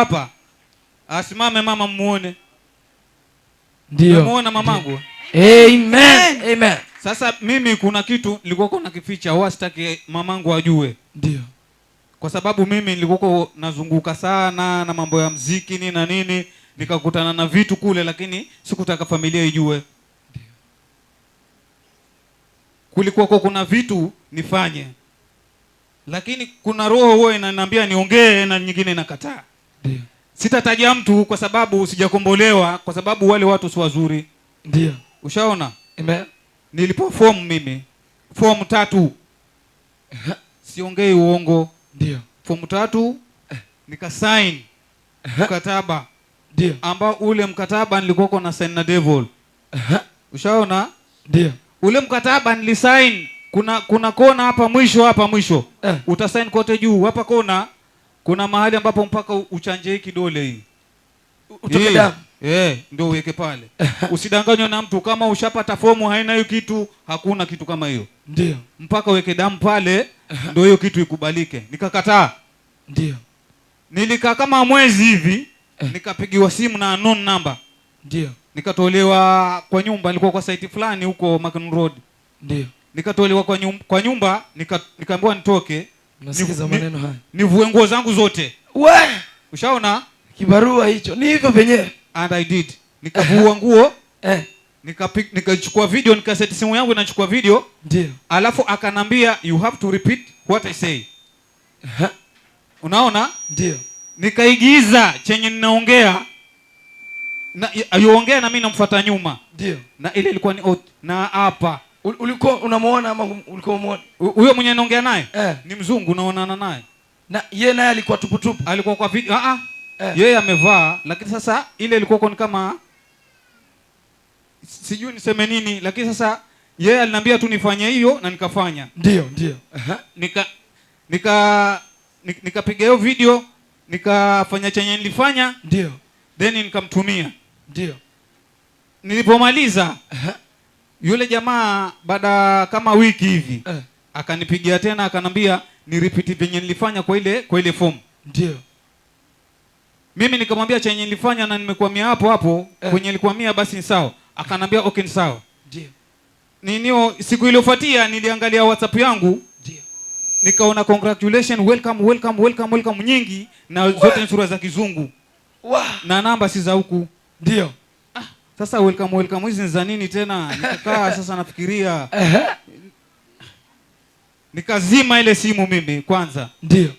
Hapa asimame mama, mmuone Ndio muona mamangu. Amen. Amen. Sasa mimi kuna kitu nilikuwa nakificha, sitaki mamangu ajue. Ndio kwa sababu mimi nilikuwa nazunguka sana na mambo ya mziki ni na nini, nikakutana na vitu kule, lakini sikutaka familia ijue. Kulikuwa kwa kuna vitu nifanye, lakini kuna roho huwa inaniambia niongee na nyingine inakataa Sitataja mtu kwa sababu sijakombolewa, kwa sababu wale watu si wazuri. Ndio. Ushaona? Nilipo form mimi form tatu siongei uongo. Ndio. Form tatu nika sign mkataba. Ndio. Ambao ule mkataba nilikuwa na sign na devil. Ushaona? Ndio. Ule mkataba nilisign kuna kuna kona hapa mwisho hapa mwisho. Eh. Utasign kote juu hapa kona kuna mahali ambapo mpaka uchanje kidole hii utoke eh, damu eh, ndio uweke pale. Usidanganywe na mtu, kama ushapata fomu haina hiyo kitu, hakuna kitu kama hiyo. Ndio mpaka uweke damu pale, ndio hiyo kitu ikubalike. Nikakataa, ndio nilikaa kama mwezi hivi, eh. nikapigiwa simu na unknown number, ndio nikatolewa kwa nyumba. Nilikuwa kwa site fulani huko Macon Road, ndio nikatolewa kwa nyumba, kwa nyumba nikaambiwa nitoke Unasikiza maneno haya? Nivue nguo zangu zote. We! Ushaona? Kibarua hicho. Ni hivyo venyewe. And I did. Nikavua nguo. Eh. Nikapik nikachukua video nikaseti simu yangu inachukua video. Ndio. Alafu akanambia you have to repeat what I say. Uh -huh. Unaona? Ndio. Nikaigiza chenye ninaongea. Na yuongea na mimi namfuata nyuma. Ndio. Na ile ilikuwa ni na hapa ulikuwa unamuona ama ulikuwa umuona Huyo mwenye naongea naye eh, ni mzungu unaonana naye na ye naye alikuwa tuputupu, alikuwa kwa video ah ah, eh. yeye amevaa, lakini sasa ile ilikuwa ni kama sijui niseme nini, lakini sasa yeye aliniambia tu nifanye hiyo na nikafanya, ndio ndio, uh nika nika nikapiga hiyo video nikafanya chenye nilifanya, ndio then nikamtumia, ndio nilipomaliza uh-huh. Yule jamaa baada kama wiki hivi eh, akanipigia tena akanambia ni repeat venye nilifanya kwa ile kwa ile form. Ndio. Mimi nikamwambia chenye nilifanya na nimekwamia hapo hapo eh, kwenye likwamia basi ni sawa. Akanambia okay ni sawa. Ndio. Ninio siku iliyofuatia niliangalia WhatsApp yangu. Ndio. Nikaona congratulations, welcome, welcome, welcome, welcome nyingi na zote ni sura za kizungu. Wow. Na namba si za huku. Ndio. Sasa welcome welcome hizi ni za nini tena? Nikakaa sasa nafikiria. Nikazima ile simu mimi kwanza. Ndio.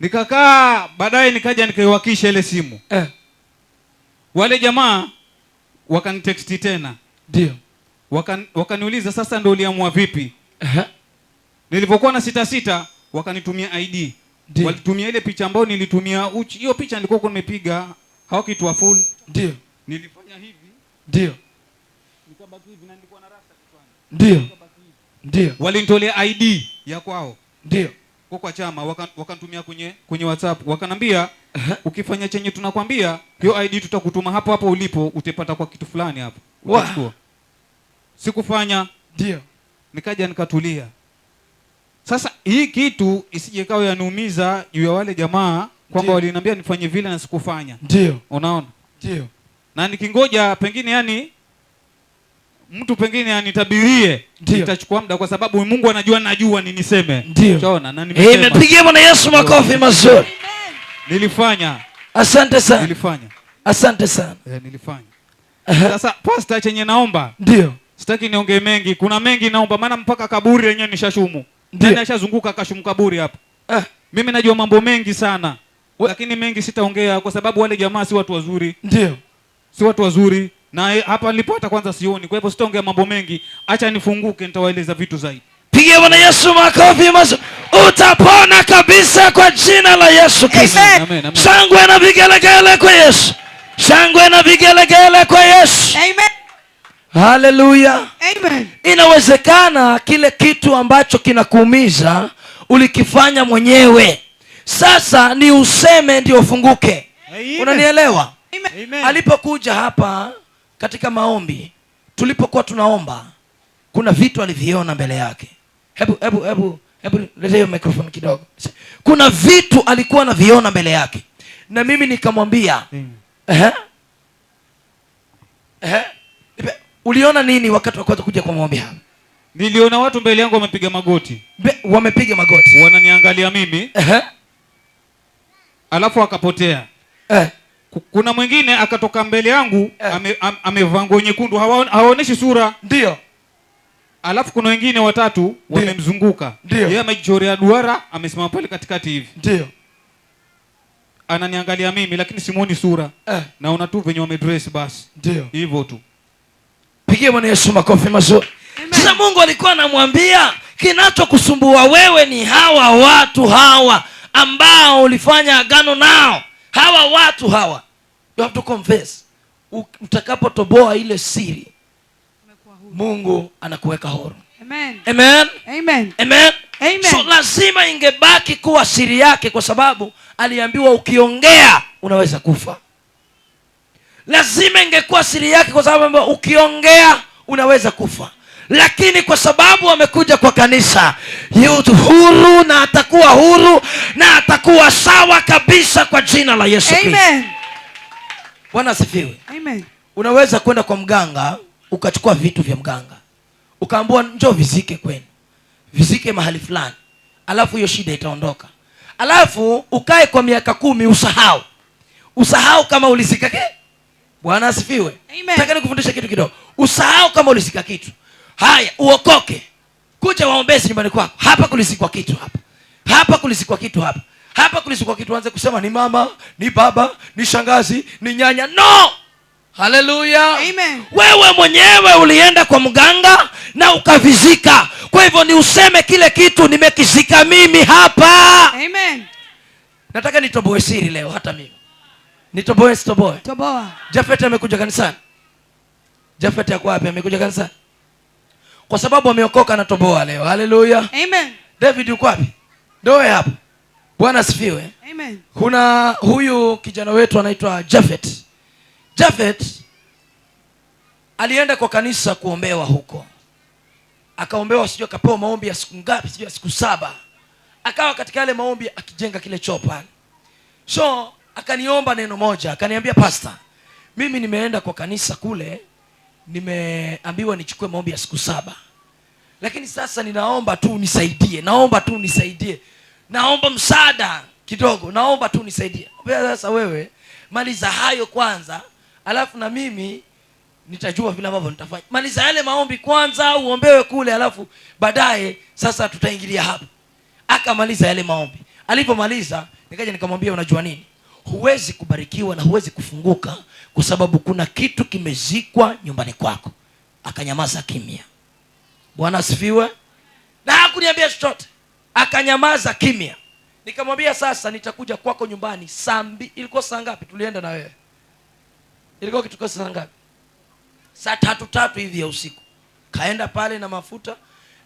Nikakaa baadaye nikaja nikaiwakisha ile simu. Eh. Wale jamaa wakanitexti tena. Ndio. Wakan, wakaniuliza sasa ndio uliamua vipi? Eh. Nilipokuwa na sita sita wakanitumia ID. Ndio. Walitumia ile picha ambayo nilitumia uchi. Hiyo picha nilikuwa nimepiga hawakitwa full. Ndio. nilipo ndio. Nikabaki hivi na na rasta Ndio. Ndio. Walinitolea ID ya kwao. Ndio. Kwa kwa chama wakanitumia waka kwenye kwenye WhatsApp wakanambia ukifanya chenye tunakwambia hiyo ID tutakutuma hapo hapo ulipo utapata kwa kitu fulani hapo. Wow. Sikufanya. Ndio. Nikaja nikatulia. Sasa hii kitu isije kawa yaniumiza juu ya wale jamaa kwamba waliniambia nifanye vile na sikufanya. Ndio. Unaona? Ndio na nikingoja pengine yani mtu pengine anitabirie itachukua muda, kwa sababu Mungu anajua najua ni niseme. Unaona, na nimesema. Hey, eh, Bwana Yesu makofi mazuri. Nilifanya. Asante sana. Nilifanya. Asante sana. Eh, nilifanya. Sasa pasta, chenye naomba ndio, sitaki niongee mengi, kuna mengi naomba, maana mpaka kaburi lenyewe nishashumu, nishazunguka yaani kashumu kaburi hapa. Ah, mimi najua mambo mengi sana, lakini mengi sitaongea kwa sababu wale jamaa si watu wazuri. Ndio si watu wazuri, na hapa nilipo hata kwanza sioni. Kwa hivyo sitaongea mambo mengi, acha nifunguke, nitawaeleza vitu zaidi. Pigia Bwana Yesu makofi mazuri. Utapona kabisa kwa jina la Yesu Kristo. Shangwe na vigelegele kwa Yesu. Shangwe na vigelegele kwa Yesu. Amen. Haleluya. Amen. Inawezekana kile kitu ambacho kinakuumiza ulikifanya mwenyewe, sasa ni useme ndio ufunguke. Unanielewa? Amen. Alipokuja hapa katika maombi, tulipokuwa tunaomba, kuna vitu aliviona mbele yake. Hebu hebu hebu hebu leta microphone kidogo. Kuna vitu alikuwa anaviona mbele yake, na mimi nikamwambia uliona nini wakati wa kwanza kuja kwa maombi hapa? Niliona watu mbele yangu wamepiga magoti, wamepiga magoti, wananiangalia mimi uh -huh. Alafu akapotea uh eh. -huh kuna mwingine akatoka mbele yangu eh, amevaa ame nguo nyekundu, hawaoneshi sura, ndio. Alafu kuna wengine watatu wamemzunguka yeye, amejichorea duara, amesimama pale katikati hivi, ndio ananiangalia mimi, lakini simuoni sura eh, naona tu venye wamedress, basi ndio hivyo tu. Pigie Bwana Yesu makofi mazuri. Sasa Mungu alikuwa anamwambia kinachokusumbua wewe ni hawa watu hawa ambao ulifanya agano nao hawa watu hawa, you have to confess. Utakapotoboa ile siri, Mungu anakuweka horo Amen. Amen. Amen. Amen. Amen. So lazima ingebaki kuwa siri yake, kwa sababu aliambiwa ukiongea unaweza kufa. Lazima ingekuwa siri yake, kwa sababu ukiongea unaweza kufa lakini kwa sababu amekuja kwa kanisa yu huru na atakuwa huru na atakuwa sawa kabisa kwa jina la yesu kristo bwana asifiwe Amen. unaweza kwenda kwa mganga ukachukua vitu vya mganga ukaambua njoo vizike kwenu vizike mahali fulani alafu hiyo shida itaondoka alafu ukae kwa miaka kumi usahau usahau kama ulizikake bwana asifiwe taka nikufundisha kitu kidogo Usahau kama ulizika kitu. Haya, uokoke. Kuja waombezi nyumbani kwako. Hapa kulizikwa kitu hapa. Hapa kulizikwa kitu hapa. Hapa kulizikwa kitu anze kusema ni mama, ni baba, ni shangazi, ni nyanya. No! Haleluya. Amen. Wewe mwenyewe ulienda kwa mganga na ukavizika. Kwa hivyo ni useme kile kitu nimekizika mimi hapa. Amen. Nataka nitoboe siri leo hata mimi. Nitoboe sitoboe. Toboa. Jafet amekuja kanisani. Jafet yako wapi? Amekuja kanisa kwa sababu ameokoka na toboa leo. Haleluya, amen. David yuko wapi? Ndoe hapo. Bwana asifiwe, amen. Kuna huyu kijana wetu anaitwa Jafet. Jafet alienda kwa kanisa kuombewa huko, akaombewa, sijui akapewa maombi ya siku ngapi, sijui ya siku saba. Akawa katika yale maombi akijenga kile choo pale, so akaniomba neno moja, akaniambia pasta, mimi nimeenda kwa kanisa kule nimeambiwa nichukue maombi ya siku saba, lakini sasa ninaomba tu nisaidie, naomba tu nisaidie, naomba msaada kidogo, naomba tu nisaidie. Sasa wewe maliza hayo kwanza, alafu na mimi nitajua vile ambavyo nitafanya. Maliza yale maombi kwanza, uombewe kule, alafu baadaye sasa tutaingilia hapa. Akamaliza yale maombi. Alipomaliza nikaja nikamwambia, unajua nini huwezi kubarikiwa na huwezi kufunguka kwa sababu kuna kitu kimezikwa nyumbani kwako. Akanyamaza kimya. Bwana asifiwe. Na hakuniambia chochote, akanyamaza kimya. Nikamwambia sasa nitakuja kwako nyumbani saa mbili. Ilikuwa saa ngapi tulienda na wewe? Ilikuwa kitu saa ngapi? Saa tatu tatu hivi ya usiku. Kaenda pale na mafuta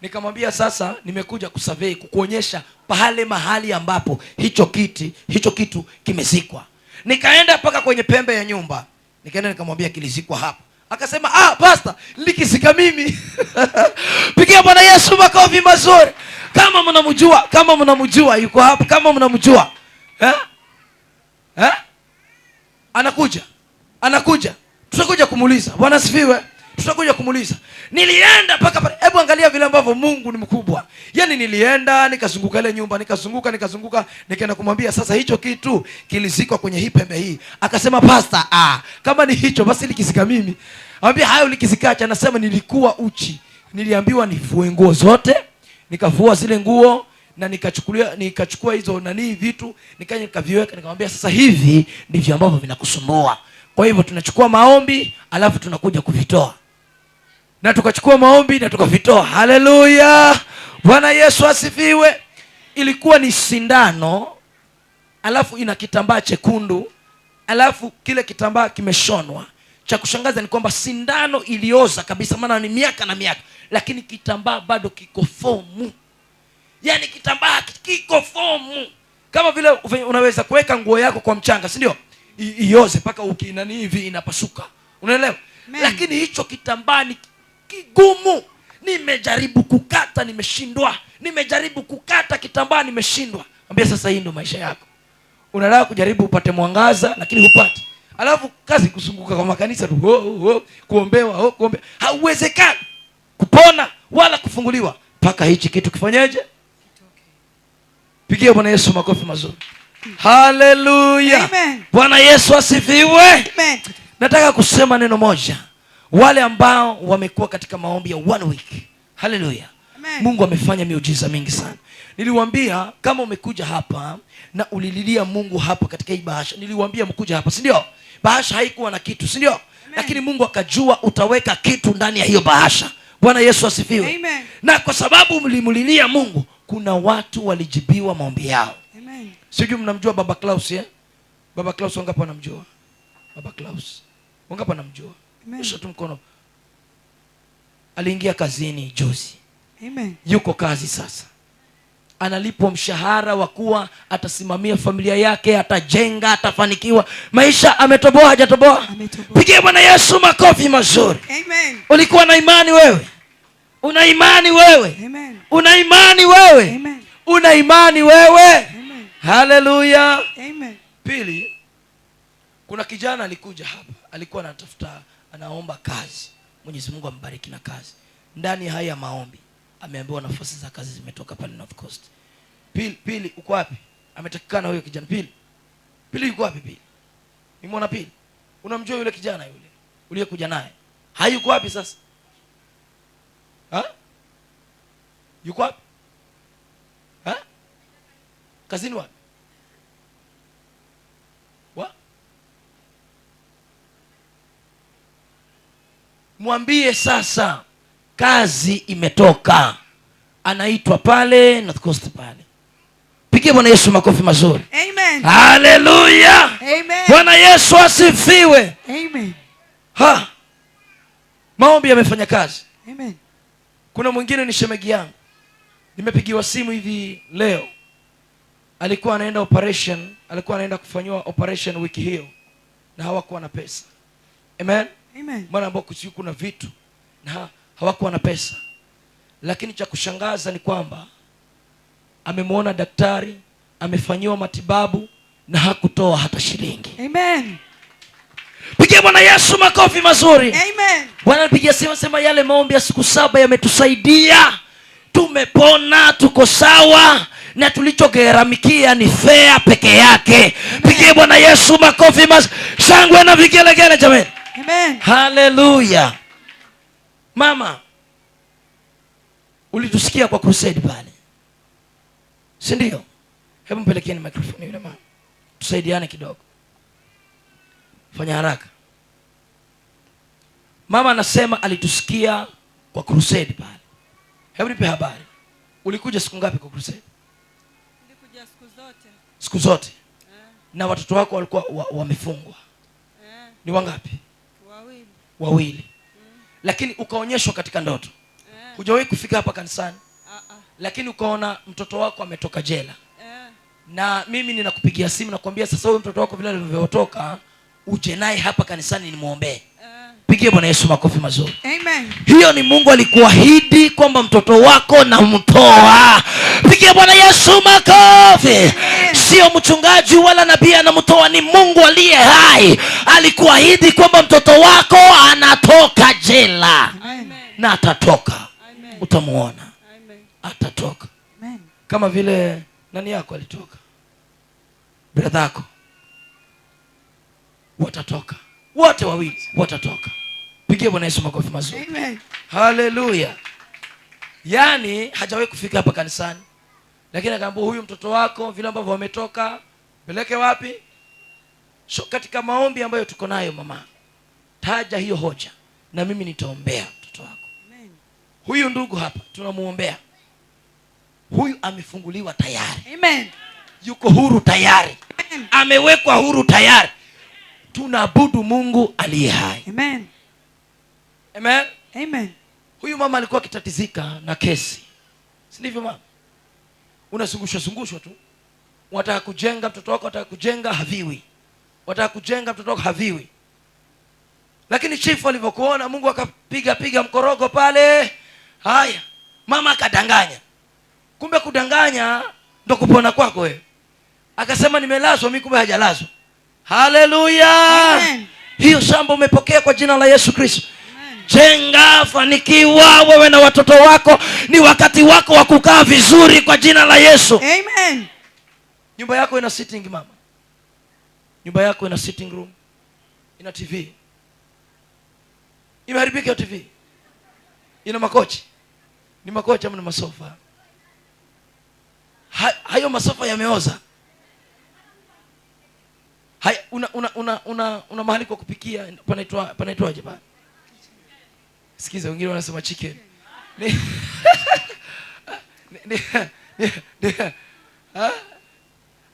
Nikamwambia sasa, nimekuja kusurvey kukuonyesha pale mahali ambapo hicho kiti hicho kitu kimezikwa. Nikaenda mpaka kwenye pembe ya nyumba, nikaenda nikamwambia kilizikwa hapa. Akasema ah, pasta likizika mimi pigia Bwana Yesu makofi mazuri. Kama mnamjua kama mnamjua yuko hapa, kama mnamjua eh? Eh? Anakuja anakuja, tutakuja kumuuliza. Bwana sifiwe tutakuja kumuuliza. Nilienda mpaka pale. Hebu angalia vile ambavyo Mungu ni mkubwa. yani nilienda nikazunguka ile nyumba, nikazunguka nikazunguka, nikaenda kumwambia sasa hicho kitu kilizikwa kwenye hii pembe hii. Akasema pasta, ah, kama ni hicho basi likizika mimi. Anambia hayo likizikacha, anasema nilikuwa uchi. Niliambiwa nifue nguo zote, nikavua zile nguo na nikachukulia nikachukua hizo nani vitu nikaja nikaviweka, nikamwambia sasa hivi ndivyo ambavyo vinakusumbua. Kwa hivyo tunachukua maombi alafu tunakuja kuvitoa na tukachukua maombi na tukavitoa. Haleluya, Bwana Yesu asifiwe. Ilikuwa ni sindano, alafu ina kitambaa chekundu, alafu kile kitambaa kimeshonwa. Cha kushangaza ni kwamba sindano ilioza kabisa, maana ni miaka na miaka, lakini kitambaa bado kiko fomu, Yani kitambaa kiko fomu kama vile unaweza kuweka nguo yako kwa mchanga, si ndio? Ioze mpaka ukinani hivi inapasuka, unaelewa? Lakini hicho kitambaa ni kigumu. Nimejaribu kukata nimeshindwa, nimejaribu kukata kitambaa nimeshindwa. Ambia sasa, hii ndo maisha yako. Unataka kujaribu upate mwangaza lakini hupati, alafu kazi kuzunguka kwa makanisa tu, oh, oh, oh. kuombewa oh, kuombe. Hauwezekani kupona wala kufunguliwa mpaka hichi kitu kifanyeje? Pigia Bwana Yesu makofi mazuri. Haleluya! Bwana Yesu asifiwe. Amen. Nataka kusema neno moja wale ambao wamekuwa katika maombi ya one week. Haleluya, Mungu amefanya miujiza mingi sana. niliwambia kama umekuja hapa na ulililia Mungu hapa katika hii bahasha, niliwambia mkuja hapa, si ndio? Bahasha haikuwa na kitu, si ndio? Lakini Mungu akajua utaweka kitu ndani ya hiyo bahasha. Bwana Yesu asifiwe. Na kwa sababu mlimlilia Mungu, kuna watu walijibiwa maombi yao. Amen. Sijui mnamjua Baba Klaus eh? Baba Klaus wangapi wanamjua? Baba Klaus wangapi wanamjua? Nyosha tu mkono. Aliingia kazini juzi. Amen. Yuko kazi sasa, analipwa mshahara wa kuwa atasimamia familia yake, atajenga, atafanikiwa maisha. Ametoboa hajatoboa? Pigie Bwana Yesu makofi mazuri. Amen. Ulikuwa na imani wewe, una imani wewe. Amen. Una imani wewe. Amen. Una imani wewe. Haleluya. Pili, kuna kijana alikuja hapa, alikuwa anatafuta anaomba kazi. Mwenyezi Mungu ambariki na kazi. Ndani haya maombi ameambiwa nafasi za kazi zimetoka pale North Coast. Pili, pili uko wapi? Ametakikana huyo kijana pili. Pili yuko wapi pili? Nimeona pili. Unamjua yule kijana yule uliyekuja naye? Hayuko wapi sasa? Ha? Yuko wapi? Ha? Kazini wapi? mwambie sasa kazi imetoka, anaitwa pale North Coast pale. Pigie Bwana Yesu makofi mazuri. Amen. Haleluya. Amen. Bwana Yesu asifiwe. Amen. Ha. Maombi yamefanya kazi. Amen. Kuna mwingine ni shemegi yangu, nimepigiwa simu hivi leo, alikuwa anaenda operation, alikuwa anaenda kufanyiwa operation wiki hiyo na hawakuwa na pesa. Amen. Amen. Maana ambao kusiku kuna vitu na hawakuwa na pesa, lakini cha kushangaza ni kwamba amemwona daktari, amefanyiwa matibabu na hakutoa hata shilingi. Amen. Pigia Bwana Yesu makofi mazuri. Amen. Bwana pigia sema sema, yale maombi ya siku saba yametusaidia, tumepona, tuko sawa na tulichogharamikia ni fea peke yake. pige Bwana Yesu makofi mazuri, shangwe na vigelegele jamani. Haleluya. Mama, ulitusikia kwa crusade pale, si ndio? Hebu mpelekeni mikrofoni yule mama, tusaidiane kidogo, fanya haraka. Mama anasema alitusikia kwa crusade pale. Hebu nipe habari, ulikuja siku ngapi kwa crusade? Nilikuja siku zote, siku zote yeah. Na watoto wako walikuwa wamefungwa wa yeah. Ni wangapi? wawili Lakini ukaonyeshwa katika ndoto eh. Hujawahi kufika hapa kanisani uh-uh. Lakini ukaona mtoto wako ametoka jela eh. Na mimi ninakupigia simu nakwambia, sasa huyu mtoto wako vile alivyotoka uje naye hapa kanisani nimwombee eh. Pigie Bwana Yesu makofi mazuri Hiyo ni Mungu alikuahidi kwamba mtoto wako namtoa. Pigie Bwana Yesu makofi Amen Sio mchungaji wala nabii anamtoa, ni Mungu aliye hai. Alikuahidi kwamba mtoto wako anatoka jela Amen. na atatoka, utamwona atatoka Amen. kama vile nani yako alitoka, bradhako watatoka wote wawili, watatoka. Pigie Bwana Yesu makofi mazuri, haleluya. Yaani hajawahi kufika hapa kanisani lakini akaambia huyu mtoto wako vile ambavyo wametoka peleke wapi? So katika maombi ambayo tuko nayo, mama, taja hiyo hoja na mimi nitaombea mtoto wako. Huyu ndugu hapa tunamuombea, huyu amefunguliwa tayari. Amen. Yuko huru tayari. Amen. Amewekwa huru tayari. Tunaabudu Mungu aliye hai. Amen. Amen. Amen. Huyu mama alikuwa akitatizika na kesi, si mama? unazungushwa zungushwa tu. unataka kujenga mtoto wako, wataka kujenga haviwi, unataka kujenga mtoto wako haviwi. Lakini chifu alivyokuona, Mungu akapiga piga mkorogo pale, haya mama akadanganya. Kumbe kudanganya ndo kupona kwako wewe. Akasema nimelazwa mimi, kumbe hajalazwa. Haleluya! Hiyo shamba umepokea kwa jina la Yesu Kristo jenga, fanikiwa wewe na watoto wako. Ni wakati wako wa kukaa vizuri kwa jina la Yesu, amen. Nyumba yako ina sitting mama, nyumba yako ina sitting room, ina TV. Imeharibika hiyo TV? Ina makochi? Ni makochi ama ni masofa? Ha, hayo masofa yameoza. Una, una, una, una, una mahali kwa kupikia panaitwa panaitwaje pale? Sikiza, wengine wanasema chicken ni, ni, ni, ni,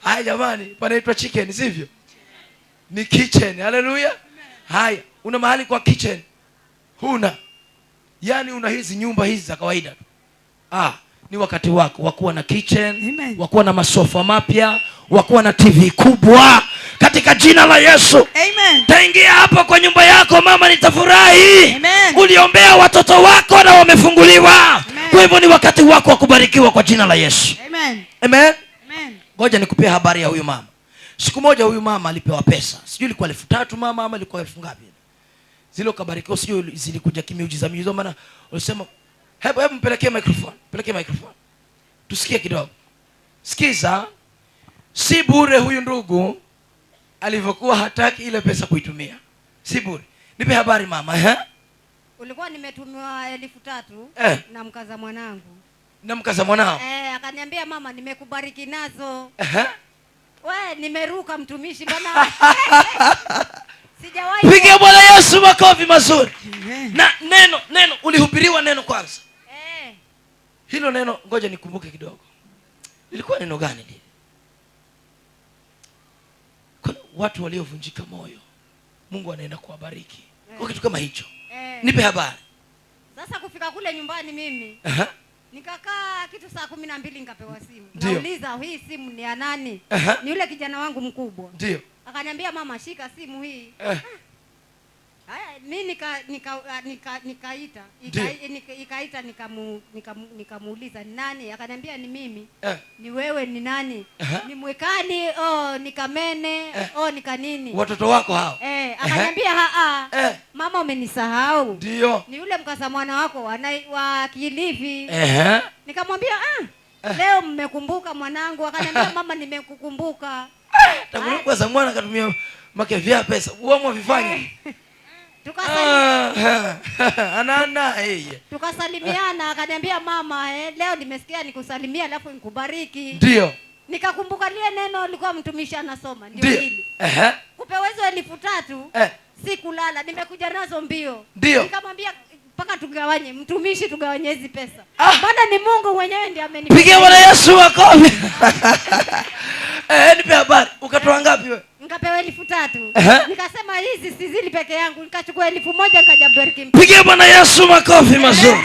haya jamani, panaitwa chicken sivyo? Ni kitchen. Haleluya! Haya, una mahali kwa kitchen? Huna, yaani una hizi nyumba hizi za kawaida tu. Ah, ni wakati wako wakuwa na kitchen, wakuwa na masofa mapya, wakuwa na TV kubwa katika jina la Yesu. Amen. Taingia hapo kwa nyumba yako mama, nitafurahi. Amen. Uliombea watoto wako na wamefunguliwa. Kwa hivyo ni wakati wako wa kubarikiwa kwa jina la Yesu. Amen. Amen. Amen. Ngoja nikupie habari ya huyu mama. Siku moja huyu mama alipewa pesa, sijui ilikuwa elfu tatu mama, ama ilikuwa elfu ngapi zile, ukabarikiwa. Sijui zilikuja kimiujiza miujiza, maana ulisema hebu hebu mpelekee microphone, Mpelekee microphone tusikie kidogo. Sikiza, si bure huyu ndugu alivyokuwa hataki ile pesa kuitumia, siburi Nipe habari mama, eh? Ulikuwa nimetumiwa elfu tatu eh, na mkaza mwanangu na mkaza mwanao eh, akaniambia mama, nimekubariki nazo eh. eh? We, nimeruka mtumishi bana sijawahi. Pigia Bwana Yesu makofi mazuri Na neno neno ulihubiriwa neno kwanza eh. Hilo neno ngoja nikumbuke kidogo, lilikuwa neno gani? watu waliovunjika moyo, Mungu anaenda kuwabariki eh. Kwa kitu kama hicho eh. Nipe habari sasa. Kufika kule nyumbani mimi Nikakaa kitu saa kumi na mbili nikapewa simu. Nauliza hii simu ni ya nani? Ni yule kijana wangu mkubwa. Ndio. Akaniambia mama, shika simu hii eh. ah. Haya, nika nika uh, nika nikaita nika, ikaita nikamuuliza nika nani, akaniambia ni mimi eh. Ni wewe ni nani eh? Ni mwekani oh, nikamene eh. Oh, nika watoto wako hao eh, akaniambia haa eh. Mama umenisahau, ndio ni yule mkasa mwana wako wa Kilifi eh. Nikamwambia ah, eh. Leo mmekumbuka mwanangu, akaniambia mama, nimekukumbuka. Eh. Takunuka ah. za mwana akatumia makevya pesa uamwa vifanye eh. Ah, Anaanda yeye. Tukasalimiana akaniambia mama, eh, leo nimesikia nikusalimia alafu nikubariki. Ndio. Nikakumbuka lile neno alikuwa mtumishi anasoma ndio hili. Eh. Kupewezo elfu tatu. Eh. Sikulala, nimekuja nazo mbio. Ndio. Nikamwambia mpaka tugawanye, mtumishi tugawanye hizi pesa. Ah. ni Mungu mwenyewe ndiye amenipigia. Pige Bwana Yesu makofi. Eh, nipe habari. Ukatoa ngapi wewe? nikapewa elfu tatu. Nikasema hizi sizili peke yangu, nikachukua elfu moja nikaja Pigia Bwana Yesu makofi mazuri.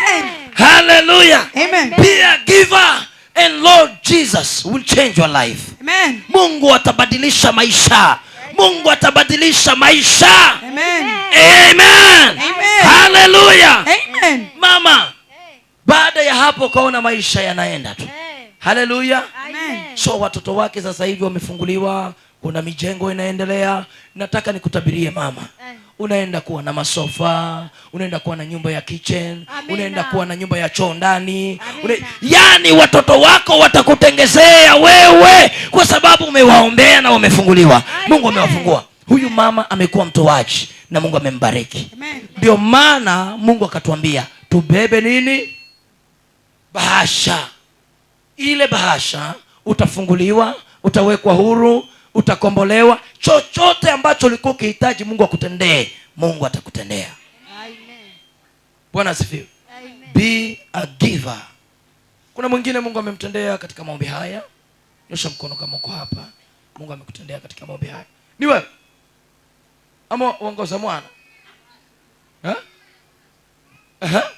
Amen. Be a giver and Lord Jesus will change your life. Amen. Mungu atabadilisha maisha. Mungu atabadilisha maisha. Amen. Amen. Amen. Amen. Mama, baada ya hapo kaona maisha yanaenda tu. Haleluya. Amen. So watoto wake sasa hivi wamefunguliwa kuna mijengo inaendelea. Nataka nikutabirie mama, eh. unaenda kuwa na masofa, unaenda kuwa na nyumba ya kitchen, unaenda kuwa na nyumba ya choo ndani. yani watoto wako watakutengezea wewe, kwa sababu umewaombea na wamefunguliwa. Mungu amewafungua. Huyu mama amekuwa mtoaji na Mungu amembariki. Ndio maana Mungu akatuambia tubebe nini? Bahasha. Ile bahasha utafunguliwa, utawekwa huru utakombolewa. Chochote ambacho ulikuwa ukihitaji Mungu akutendee, Mungu atakutendea. Bwana asifiwe. Be a giver. Kuna mwingine Mungu amemtendea katika maombi haya? Nyosha mkono kama uko hapa, Mungu amekutendea katika maombi haya. Ni wewe ama uongoza mwana ha? Aha.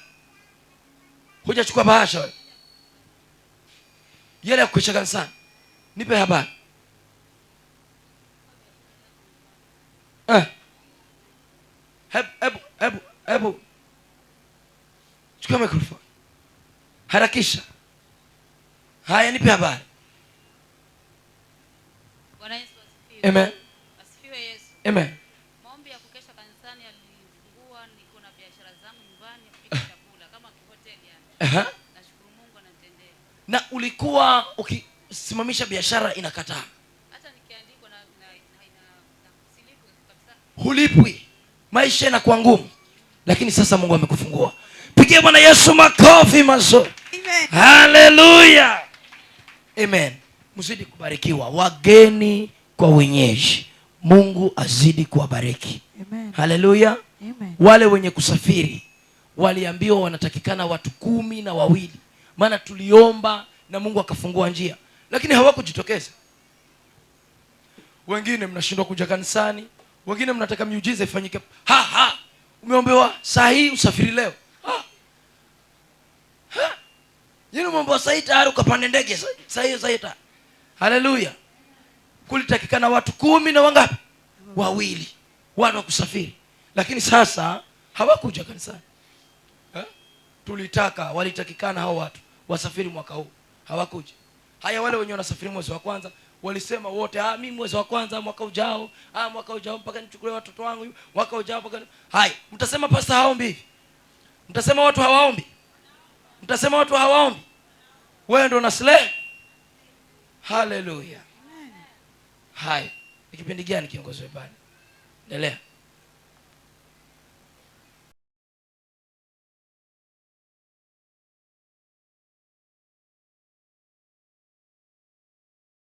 Hujachukua bahasha wewe, yale ya kuisha kanisani, nipe habari. Hebu chukua microphone, harakisha. Haya, nipe habari. na ulikuwa ukisimamisha biashara inakataa. na hulipwi. Maisha inakuwa ngumu lakini sasa Mungu amekufungua. Pigie Bwana Yesu makofi mazuri. Amen. Haleluya. Amen. Mzidi kubarikiwa wageni kwa wenyeji. Mungu azidi kuwabariki. Amen. Haleluya. Amen. Wale wenye kusafiri waliambiwa wanatakikana watu kumi na wawili, maana tuliomba na Mungu akafungua njia, lakini hawakujitokeza. Wengine mnashindwa kuja kanisani, wengine mnataka miujiza ifanyike ha ha umeombewa saa hii usafiri leo ha? Ha? Yini umeombewa saa hii tayari ukapande ndege saa hii saa hii Haleluya! kulitakikana watu kumi na wangapi? Wawili, wana wa kusafiri, lakini sasa hawakuja kanisani Tulitaka, walitakikana hao watu wasafiri mwaka huu, hawakuja. Haya, wale wenye wanasafiri mwezi wa kwanza walisema wote, ah, mimi mwezi wa kwanza mwaka ujao, ah, mwaka ujao mpaka nichukulie watoto wangu, mwaka ujao mpaka. Hai, mtasema pasta haombi mtasema watu hawaombi, mtasema watu hawaombi. Wewe ndio una slay. Haleluya! Hai, ni kipindi gani kiongozi wepani? Endelea.